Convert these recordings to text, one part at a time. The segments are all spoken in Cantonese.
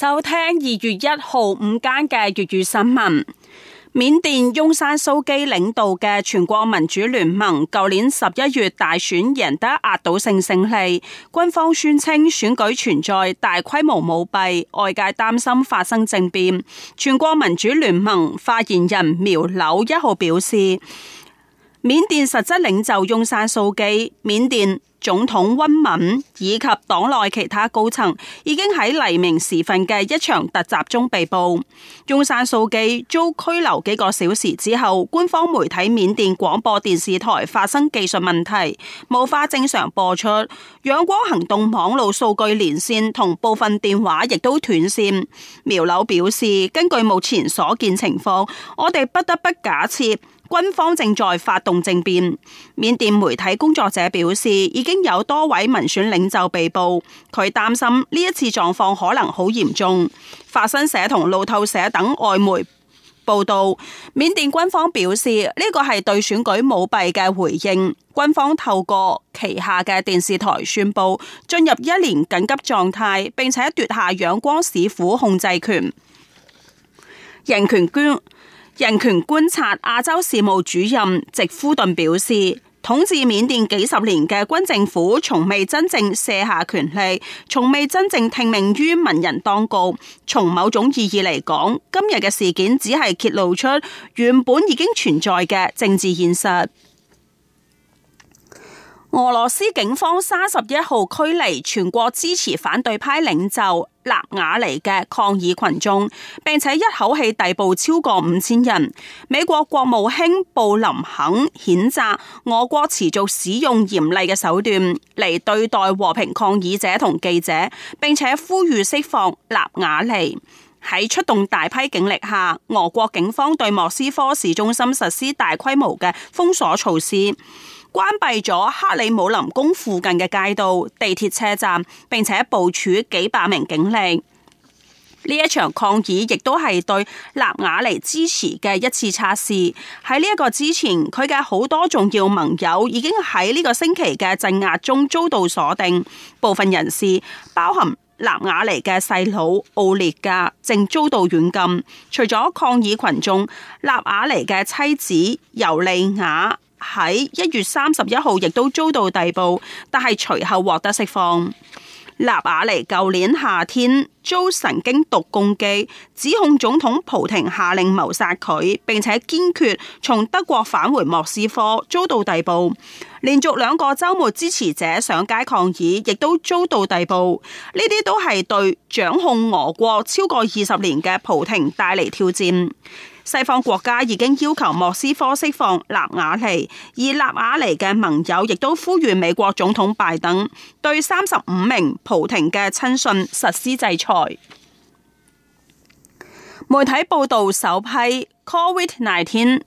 收聽二月一號午間嘅粵語新聞。緬甸翁山蘇姬領導嘅全國民主聯盟舊年十一月大選贏得壓倒性勝利，軍方宣稱選舉存在大規模舞弊，外界擔心發生政變。全國民主聯盟發言人苗柳一號表示。緬甸實質領袖翁山蘇姬、緬甸總統温敏以及黨內其他高層，已經喺黎明時分嘅一場突襲中被捕。翁山蘇姬遭拘留幾個小時之後，官方媒體緬甸廣播電視台發生技術問題，無法正常播出。仰光行動網路數據連線同部分電話亦都斷線。苗柳表示，根據目前所見情況，我哋不得不假設。軍方正在發動政變，緬甸媒體工作者表示，已經有多位民選領袖被捕。佢擔心呢一次狀況可能好嚴重。法新社同路透社等外媒報道，緬甸軍方表示呢個係對選舉舞弊嘅回應。軍方透過旗下嘅電視台宣布進入一年緊急狀態，並且奪下仰光市府控制權。人權捐。人權觀察亞洲事務主任席夫頓表示：統治緬甸幾十年嘅軍政府從未真正卸下權力，從未真正聽命於文人當局。從某種意義嚟講，今日嘅事件只係揭露出原本已經存在嘅政治現實。俄羅斯警方三十一號驅離全國支持反對派領袖納瓦尼嘅抗議群眾，並且一口氣逮捕超過五千人。美國國務卿布林肯譴責俄國持續使用嚴厲嘅手段嚟對待和平抗議者同記者，並且呼籲釋放納瓦尼。喺出動大批警力下，俄國警方對莫斯科市中心實施大規模嘅封鎖措施。關閉咗克里姆林宮附近嘅街道、地鐵車站，並且部署幾百名警力。呢一場抗議亦都係對納瓦尼支持嘅一次測試。喺呢一個之前，佢嘅好多重要盟友已經喺呢個星期嘅鎮壓中遭到鎖定。部分人士，包含納瓦尼嘅細佬奧列加，正遭到軟禁。除咗抗議群眾，納瓦尼嘅妻子尤利亞，喺一月三十一號，亦都遭到逮捕，但係隨後獲得釋放。納瓦尼舊年夏天遭神經毒攻擊，指控總統普京下令謀殺佢，並且堅決從德國返回莫斯科，遭到逮捕。連續兩個週末，支持者上街抗議，亦都遭到逮捕。呢啲都係對掌控俄國超過二十年嘅普京帶嚟挑戰。西方國家已經要求莫斯科釋放納瓦尼，而納瓦尼嘅盟友亦都呼籲美國總統拜登對三十五名普廷嘅親信實施制裁。媒體報導首批 COVID-19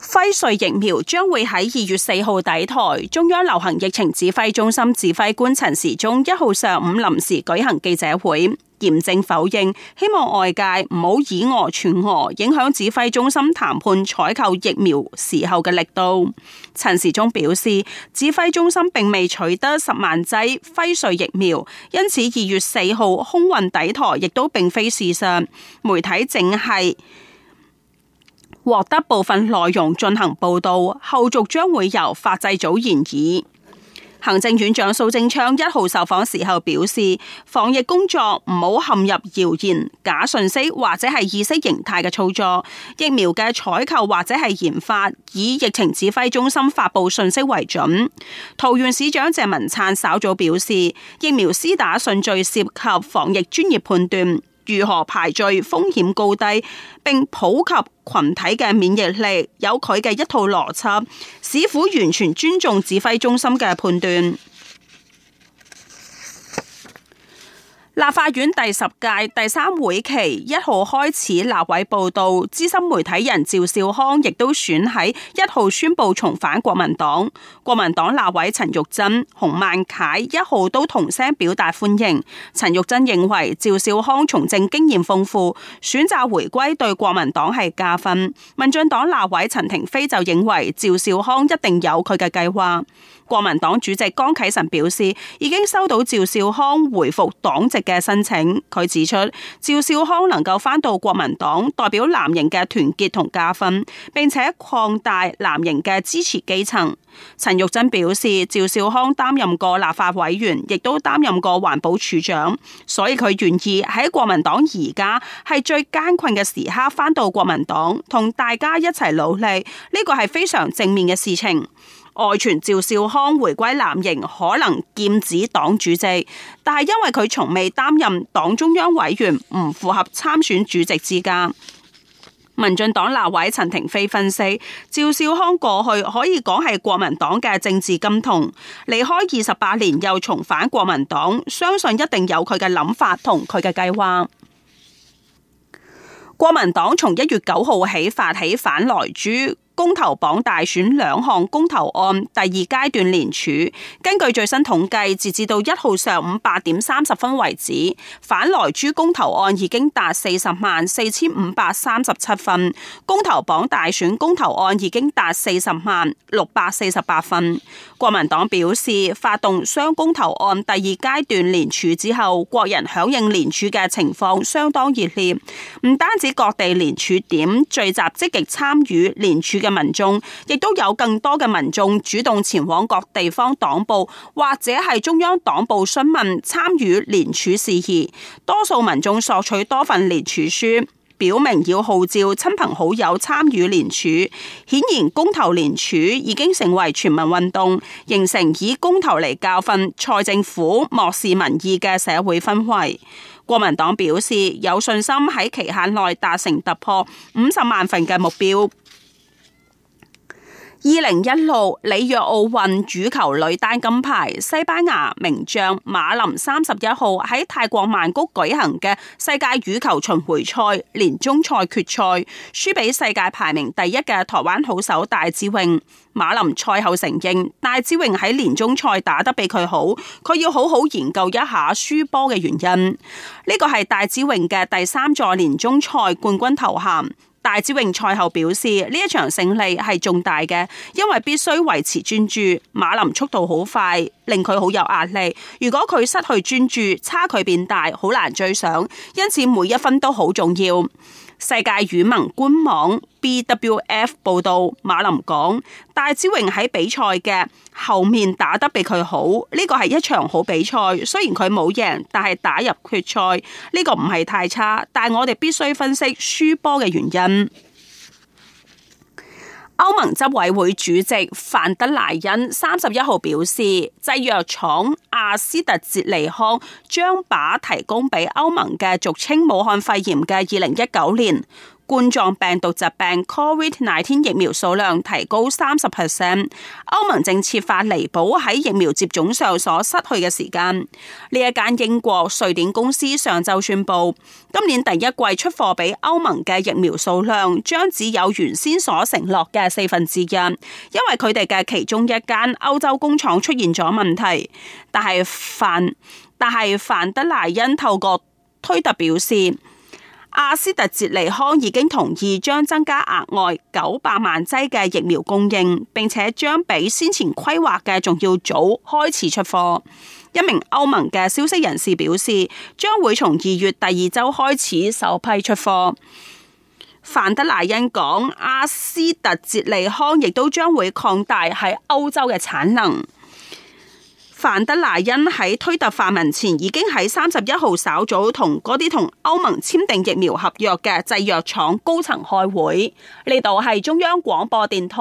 輝瑞疫苗將會喺二月四號抵台。中央流行疫情指揮中心指揮官陳時中一號上午臨時舉行記者會。嚴正否認，希望外界唔好以訛傳訛，影響指揮中心談判採購疫苗時候嘅力度。陳時中表示，指揮中心並未取得十萬劑輝瑞疫苗，因此二月四號空運抵台亦都並非事實。媒體淨係獲得部分內容進行報道，後續將會由法制組研議。行政院長蘇貞昌一號受訪時候表示，防疫工作唔好陷入謠言、假信息或者係意識形態嘅操作。疫苗嘅採購或者係研發，以疫情指揮中心發佈信息為準。桃園市長鄭文燦稍早表示，疫苗施打順序涉及防疫專業判斷。如何排序、風險高低，並普及群體嘅免疫力，有佢嘅一套邏輯。市府完全尊重指揮中心嘅判斷。立法院第十屆第三會期一號開始立委報道，資深媒體人趙少康亦都選喺一號宣布重返國民黨。國民黨立委陳玉珍、洪萬楷一號都同聲表達歡迎。陳玉珍認為趙少康從政經驗豐富，選擇回歸對國民黨係加分。民進黨立委陳庭飛就認為趙少康一定有佢嘅計劃。國民黨主席江啟臣表示，已經收到趙少康回復黨籍嘅申請。佢指出，趙少康能夠返到國民黨，代表藍營嘅團結同加分，並且擴大藍營嘅支持基層。陳玉珍表示，趙少康擔任過立法委員，亦都擔任過環保署長，所以佢願意喺國民黨而家係最艱困嘅時刻返到國民黨，同大家一齊努力，呢個係非常正面嘅事情。外傳趙少康回歸藍營，可能劍指黨主席，但係因為佢從未擔任黨中央委員，唔符合參選主席資格。民進黨立委陳亭妃分析，趙少康過去可以講係國民黨嘅政治金童，離開二十八年又重返國民黨，相信一定有佢嘅諗法同佢嘅計劃。國民黨從一月九號起發起反萊豬，公投綁大選兩項公投案第二階段聯署，根據最新統計，截至到一號上午八點三十分為止，反萊豬公投案已經達四十萬四千五百三十七份，公投綁大選公投案已經達四十萬六百四十八份。國民黨表示，發動雙公投案第二階段連署之後，國人響應連署嘅情況相當熱烈，唔單止各地連署點聚集積極參與連署嘅民眾亦都有更多嘅民眾主動前往各地方黨部或者係中央黨部詢問參與聯署事宜，多數民眾索取多份聯署書，表明要號召親朋好友參與聯署。顯然，公投聯署已經成為全民運動，形成以公投嚟教訓蔡政府漠視民意嘅社會氛圍。國民黨表示有信心喺期限內達成突破五十萬份嘅目標。二零一六里約奧運羽球女單金牌，西班牙名將馬林三十一號喺泰國曼谷舉行嘅世界羽球巡迴賽年終賽決賽，輸俾世界排名第一嘅台灣好手戴資穎。馬林賽後承認戴資穎喺年終賽打得比佢好，佢要好好研究一下輸波嘅原因。呢、這個係戴資穎嘅第三座年終賽冠軍頭銜。戴資穎賽後表示，呢一場勝利係重大嘅，因為必須維持專注。馬林速度好快，令佢好有壓力。如果佢失去專注，差距變大，好難追上。因此每一分都好重要。世界羽盟官網 BWF 報道，馬林講戴資穎喺比賽嘅後面打得比佢好，呢、這個係一場好比賽。雖然佢冇贏，但係打入決賽呢、這個唔係太差。但係我哋必須分析輸波嘅原因。歐盟執委會主席范德萊恩三十一號表示，製藥廠阿斯特捷利康將把提供俾歐盟嘅俗稱武漢肺炎嘅二零一九年冠狀病毒疾病 COVID-19 疫苗數量提高三十 percent，歐盟正設法彌補喺疫苗接種上所失去嘅時間。呢一間英國瑞典公司上周宣布，今年第一季出貨俾歐盟嘅疫苗數量將只有原先所承諾嘅四分之一，因為佢哋嘅其中一間歐洲工廠出現咗問題。但係范但係范德萊恩透過推特表示。阿斯特捷利康已經同意將增加額外九百萬劑嘅疫苗供應，並且將比先前規劃嘅仲要早開始出貨。一名歐盟嘅消息人士表示，將會從二月第二周開始首批出貨。范德萊恩講，阿斯特捷利康亦都將會擴大喺歐洲嘅產能。范德萊恩喺推特發文前，已經喺三十一號稍早同啲同歐盟簽訂疫苗合約嘅製藥廠高層開會。呢度係中央廣播電台。